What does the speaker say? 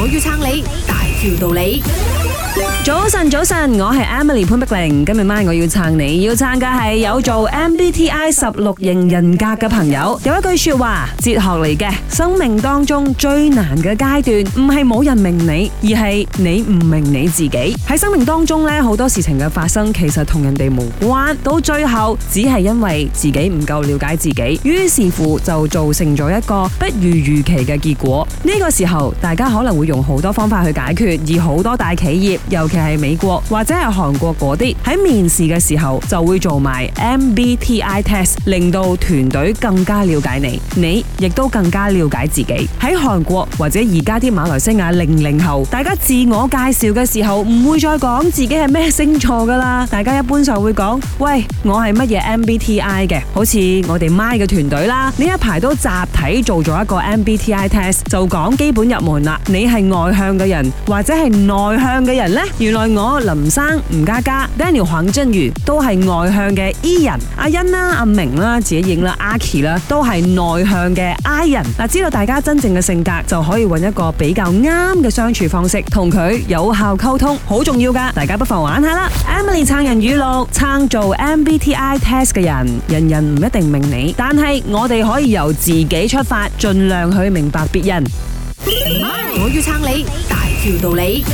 我要撐你。條道理，早晨早晨，我係 Emily 潘碧玲。今日晚我要撐你，要撐嘅係有做 MBTI 十六型人格嘅朋友。有一句說話，哲學嚟嘅，生命當中最難嘅階段唔係冇人明你，而係你唔明你自己。喺生命當中咧，好多事情嘅發生其實同人哋無關，到最後只係因為自己唔夠了解自己，於是乎就造成咗一個不如預期嘅結果。呢個時候大家可能會用好多方法去解決。而好多大企業，尤其係美國或者係韓國嗰啲，喺面試嘅時候就會做埋 MBTI test，令到團隊更加了解你，你亦都更加了解自己。喺韓國或者而家啲馬來西亞零零後，大家自我介紹嘅時候唔會再講自己係咩星座㗎喇，大家一般就會講：喂，我係乜嘢 MBTI 嘅？好似我哋 MY 嘅團隊啦，呢一排都集體做咗一個 MBTI test，就講基本入門啦。你係外向嘅人，或者係內向嘅人呢？原來我林生、吳嘉嘉、Daniel、黃真如都係外向嘅 E 人，阿欣啦、阿明啦、自己影啦、阿 K 啦，都係內向嘅 I 人。嗱，知道大家真正嘅性格，就可以揾一個比較啱嘅相處方式，同佢有效溝通，好重要噶。大家不妨玩下啦。Emily 撐人語錄，撐做 MBTI test 嘅人，人人唔一定明你，但係我哋可以由自己出發，盡量去明白別人。唔，我要撐你，大條道理。